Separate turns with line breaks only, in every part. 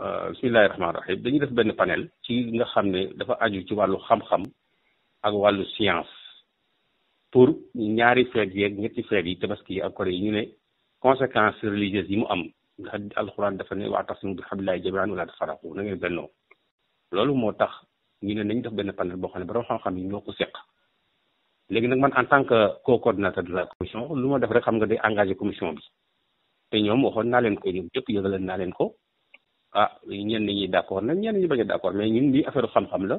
Euh, bismillahi rahmaani rahim dañuy def benn panel ci nga xam ne dafa aju ci wàllu xam-xam ak wàllu science pour ñaari feet yeeg ñetti feet yi tabaski yi ak kore yi ñu ne conséquences religieuses yi mu am ndax alxuraan dafa ne wa'tasimu bi hablillahi jamii'an wa laa tafarraqu na ngeen bennoo loolu moo tax ñu ne nañ def benn panel boo xam ne borom xam-xam yi ñoo ko seq léegi nag man en tant que co-coordinateur de la commission lu ma def rek xam nga day engagé commission bi te ñoom waxoon naa leen ko ñoom yëpp yëgaleen naa leen ko ah ñenn ñi d'accord nag ñenn ñi bañ a d'accord mais ñun lii affaire xam-xam la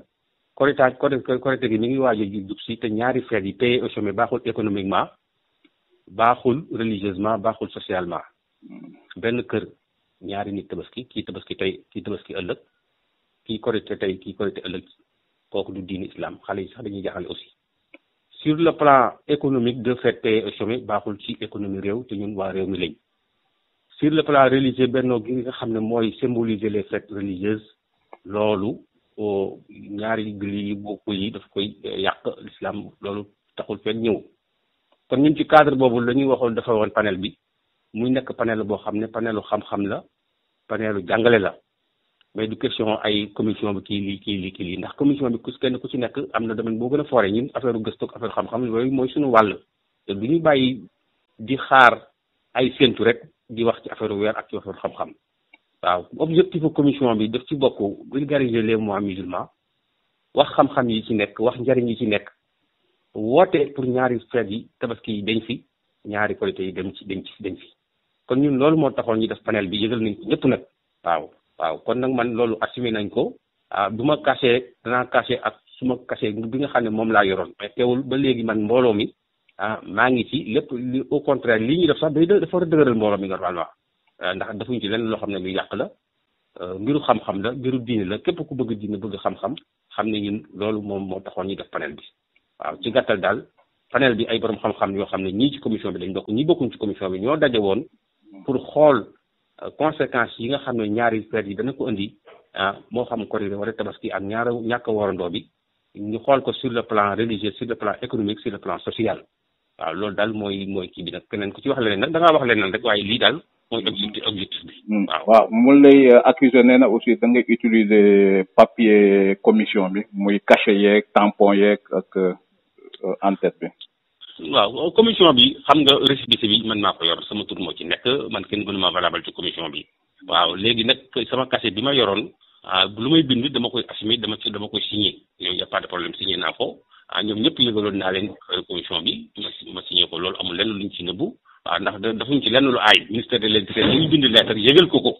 correctage correcte gi mi ngi waaj a jub si te ñaari fête yi paye au chômé baaxul économiquement baaxul religieusement baaxul socialement benn kër ñaari nit tabaski kii tabaski tey kii tabaski ëllëg kii correcte tey kii correcte ëllëg kooku du diin islam xale yi sax dañuy jaaxale aussi sur le plan économique de fait paye au chômé baaxul ci économie réew te ñun waa réew mi lañ sur le plan religieux bennoo gi nga xam ne mooy symboliser les fêtes religieuses loolu ñaari gri yi bokk yi daf koy eh, yàq l'islam loolu taxul fenn ñëw kon ñun ci cadre boobu la waxoon dafa woon panel bi muy nekk panel boo xam ne panelu xam-xam la panelu jàngale la mais du question ay commission bi kii lii kii lii kii lii ndax commission bi ku kenn ku ci nekk am na domaine boo gën a foore ñun affaire gëstu ak xam-xam yooyu mooy suñu wàll te du ñu bàyyi di xaar ay rek di wax ci affaire weer ak ci affaire xam-xam waaw objectif commission bi daf ci bokk vulgariser les mois musulmans wax xam-xam yi ci nekk wax njariñ yi ci nekk woote pour ñaari fête yi tabaski yi dañ fi ñaari korite yi dem ci dañ ci dañ fi kon ñun loolu moo taxoon ñu def panel bi yëgal nañ ko ñëpp nag waaw waaw kon nag man loolu assumé nañ ko ah du ma caché danaa caché ak su ma caché bi nga xam ne moom laa yoroon mais teewul ba léegi man mbooloo mi ah maa ngi ci lépp li au contraire lii ñu def sax day dafa war a dëgëral mbooloo mi normalement ah, ndax ñu ci lenn loo xam ne lu yàq la ah, mbiru xam-xam la mbiru diine la képp ku bëgg diine bëgg xam-xam xam ne ñun loolu moom moo taxoon ñu def panel bi waaw ci gàttal daal panel bi ay borom xam-xam yoo xam ne ñii ci commission bi dañ bokk ñi bokkuñ ci commission bi ñoo daje woon pour xool ah, conséquences yi nga xam ne ñaari feet yi dana ko indi ah moo xam korité wala tabaski ak ñaara ñàkk warandoo bi ñu xool ko sur le plan religieux sur le social waaw loolu daal mooy mooy kii bi nag keneen ku ci wax leneen nag da ngaa wax leneen rek waaye lii daal mooy objectif objectif bi hmm. waaw waaw mun lay euh, accuser nee na aussi da ngay utiliser papier commission bi muy cachet yeeg tampon yeeg ak euh, euh, en bi waaw commission bi xam nga récépissé bi man maa ko yor sama tur moo ci nekk man kenn gënu ma valable ci commission bi waaw léegi nag sama cachet bi ma yoroon ah, lu may bind dama koy assumer dama ci dama koy signer yooyu y a pas naa ko ah ñoom ñëpp yëgaloon naa leen euh, commission bi ma signé ko loolu amul lenn luñ ci nëbbu waaw ah, ndax dafuñ ci lenn lu aay ministère de l'intérieur la ñu bind lettre yëgal ko ko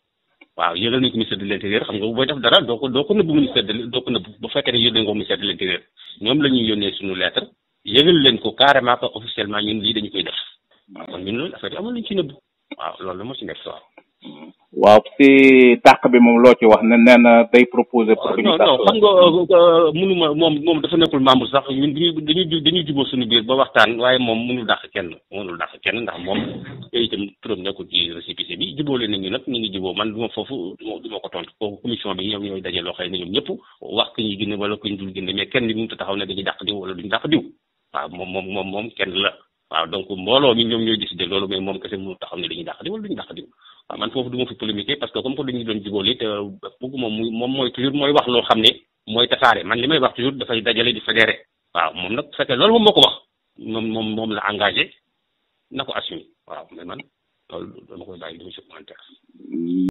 waaw yëgal nañ ko ministère de l'intérieur xam nga bu booy def dara doo ko doo ko nëbbu ministère de doo ko nëbbu bu fekkee ne yónnee nga ko ministère de l'intérieur ñoom la ñuy yónnee suñu lettre yëgal leen ko carrément que officiellement ñun lii dañu koy def waaw kon ñun loolu waaw si tàq bi moom loo ci wax ne nee na day proposé. pour que ah, ñu tàq non non xam nga euh, euh, euh, mënuma moom moom dafa nekkul membre sax ñun dañuy dañuy jubóo suñu biir ba waxtaan waaye moom mënul dàq kenn mënul dàq kenn ndax moom itam turam nekkul ci récépissé bi jubóole nañu nag ñu ngi man du ma foofu du ma ko tontu kooku commission bi ñoom ñooy daje loo xëy na ñoom wax ku ñuy génne wala ku ñu dul génne mais kenn ni mënut a taxaw ne dañuy dàq diw wala duñu dàq diw waaw moom moom moom moom la. waaw donc mbooloo mi ñoom ñooy décider loolu mais moom kese mënul taxaw ne dañuy dàq di wala duñu dàq di waaw man foofu du ma fi polémiquer parce que comme que dañu doon jubóol it bëgg moom moom mooy toujours mooy wax loo xam ne mooy tasaare man li may wax toujours dafay dajale di fédéré waaw moom nag bu fekkee loolu moom moom moom la engagé na ko assumé waaw mais man loolu dama koy bàyyi du ma si commentaire